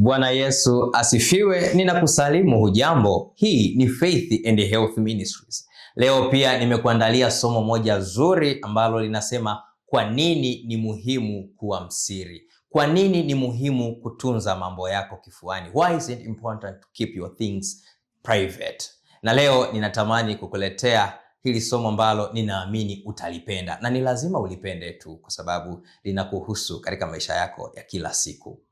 Bwana Yesu asifiwe. Ninakusalimu, hujambo? Hii ni Faith and Health Ministries. Leo pia nimekuandalia somo moja zuri ambalo linasema kwa nini ni muhimu kuwa msiri. Kwa nini ni muhimu kutunza mambo yako kifuani? Why is it important to keep your things private? Na leo ninatamani kukuletea hili somo ambalo ninaamini utalipenda na ni lazima ulipende tu, kwa sababu linakuhusu katika maisha yako ya kila siku.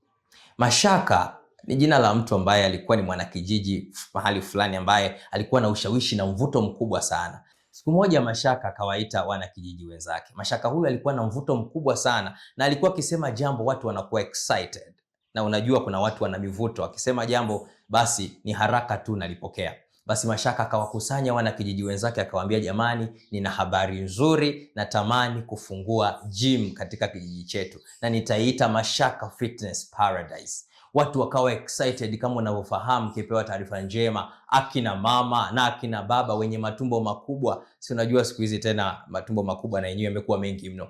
Mashaka ni jina la mtu ambaye alikuwa ni mwanakijiji mahali fulani ambaye alikuwa na ushawishi na mvuto mkubwa sana. Siku moja Mashaka akawaita wanakijiji wenzake. Mashaka huyu alikuwa na mvuto mkubwa sana na alikuwa akisema jambo watu wanakuwa excited. Na unajua kuna watu wana mivuto, akisema jambo basi ni haraka tu nalipokea. Basi Mashaka akawakusanya wanakijiji wenzake akawaambia, jamani, nina habari nzuri, natamani kufungua gym katika kijiji chetu na nitaiita Mashaka Fitness Paradise. Watu wakawa excited. Kama unavyofahamu, kipewa taarifa njema, akina mama na akina baba wenye matumbo makubwa, si unajua siku hizi tena matumbo makubwa na yenyewe yamekuwa mengi mno.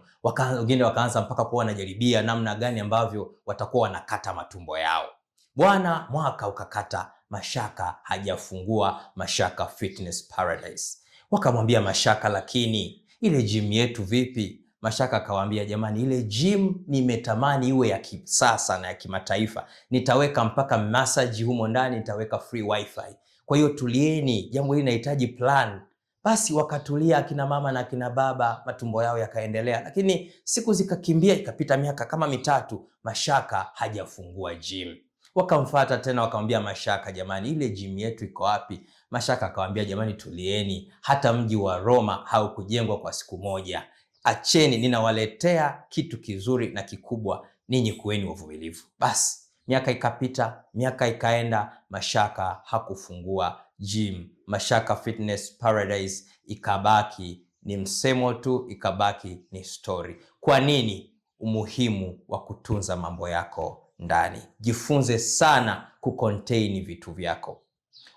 Wengine waka, wakaanza mpaka kuwa wanajaribia namna gani ambavyo watakuwa wanakata matumbo yao. Bwana, mwaka ukakata, Mashaka hajafungua Mashaka Fitness Paradise. Wakamwambia Mashaka, lakini ile gym yetu vipi? Mashaka akawaambia jamani, ile gym nimetamani iwe ya kisasa na ya kimataifa. Nitaweka mpaka massage humo ndani, nitaweka free wifi. Kwa hiyo tulieni, jambo hili linahitaji plan. Basi wakatulia akina mama na akina baba, matumbo yao yakaendelea, lakini siku zikakimbia, ikapita miaka kama mitatu, Mashaka hajafungua gym. Wakamfata tena wakamwambia Mashaka, jamani, ile gym yetu iko wapi? Mashaka akamwambia, jamani, tulieni, hata mji wa Roma haukujengwa kwa siku moja. Acheni, ninawaletea kitu kizuri na kikubwa, ninyi kuweni wavumilivu. Basi miaka ikapita, miaka ikaenda, Mashaka hakufungua gym. Mashaka Fitness Paradise ikabaki ni msemo tu, ikabaki ni story. Kwa nini? Umuhimu wa kutunza mambo yako ndani. Jifunze sana kucontain vitu vyako.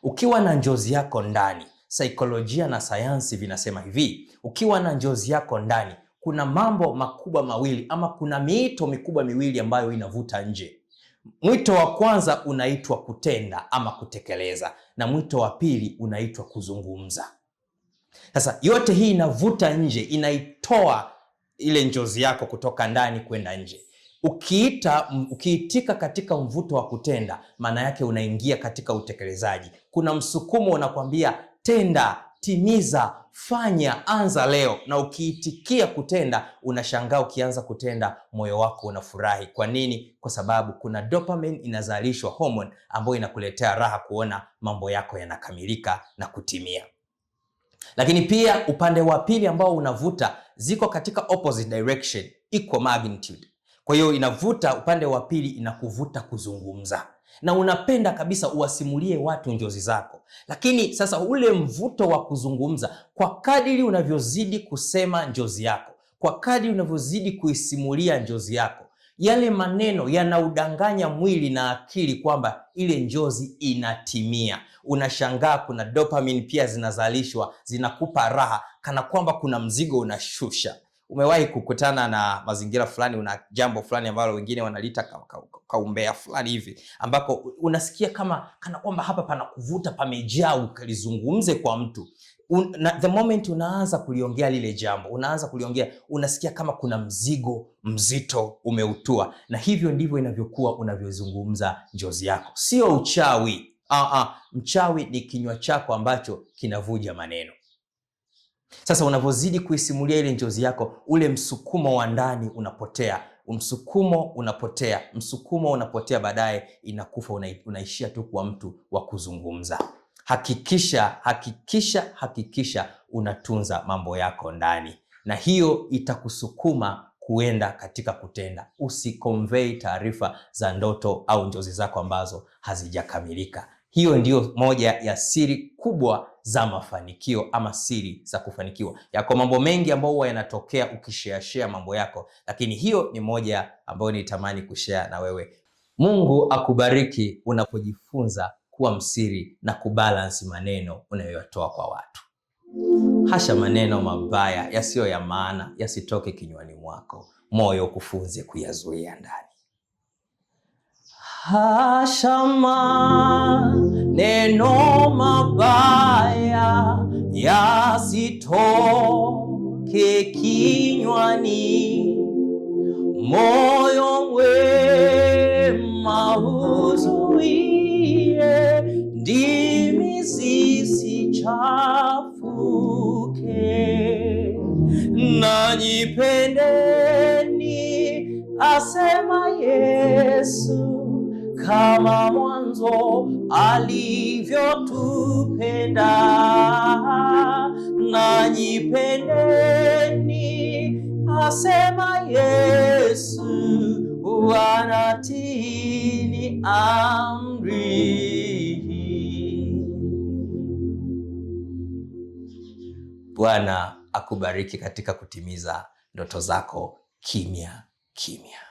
Ukiwa na njozi yako ndani, saikolojia na sayansi vinasema hivi, ukiwa na njozi yako ndani, kuna mambo makubwa mawili ama kuna miito mikubwa miwili ambayo inavuta nje. Mwito wa kwanza unaitwa kutenda ama kutekeleza, na mwito wa pili unaitwa kuzungumza. Sasa yote hii inavuta nje, inaitoa ile njozi yako kutoka ndani kwenda nje. Ukiita, ukiitika katika mvuto wa kutenda, maana yake unaingia katika utekelezaji. Kuna msukumo unakwambia tenda, timiza, fanya, anza leo. Na ukiitikia kutenda, unashangaa ukianza kutenda, moyo wako unafurahi. Kwa nini? Kwa sababu kuna dopamine inazalishwa, hormone ambayo inakuletea raha kuona mambo yako yanakamilika na kutimia. Lakini pia upande wa pili ambao unavuta, ziko katika opposite direction, equal magnitude kwa hiyo inavuta upande wa pili, inakuvuta kuzungumza, na unapenda kabisa uwasimulie watu njozi zako, lakini sasa ule mvuto wa kuzungumza, kwa kadiri unavyozidi kusema njozi yako, kwa kadiri unavyozidi kuisimulia njozi yako, yale maneno yanaudanganya mwili na akili kwamba ile njozi inatimia. Unashangaa kuna dopamine pia zinazalishwa, zinakupa raha, kana kwamba kuna mzigo unashusha umewahi kukutana na mazingira fulani, una jambo fulani ambalo wengine wanalita kaumbea ka, ka fulani hivi, ambako unasikia kama kana kwamba hapa pana kuvuta, pamejaa, ukalizungumze kwa mtu Un, na, the moment unaanza kuliongea lile jambo, unaanza kuliongea, unasikia kama kuna mzigo mzito umeutua, na hivyo ndivyo inavyokuwa unavyozungumza njozi yako, sio uchawi. Aa, ah, ah, mchawi ni kinywa chako ambacho kinavuja maneno. Sasa unavyozidi kuisimulia ile njozi yako, ule msukumo wa ndani unapotea, msukumo unapotea, msukumo unapotea, baadaye inakufa, unaishia tu kwa mtu wa kuzungumza. Hakikisha, hakikisha, hakikisha unatunza mambo yako ndani, na hiyo itakusukuma kuenda katika kutenda. Usikonvei taarifa za ndoto au njozi zako ambazo hazijakamilika. Hiyo ndiyo moja ya siri kubwa za mafanikio ama siri za kufanikiwa. Yako mambo mengi ambayo huwa yanatokea ukisheashea mambo yako, lakini hiyo ni moja ambayo nitamani kushea na wewe. Mungu akubariki unapojifunza kuwa msiri na kubalansi maneno unayoyatoa kwa watu. Hasha maneno mabaya yasiyo ya maana yasitoke kinywani mwako, moyo kufunze kuyazuia ndani hashama neno mabaya yasitoke kinywani, moyo mwema uzuie, ndimi zisichafuke. Nanyipendeni, asema Yesu kama mwanzo alivyotupenda. Nanyi asema Yesu, wanatini amri. Bwana akubariki katika kutimiza ndoto zako kimya kimya.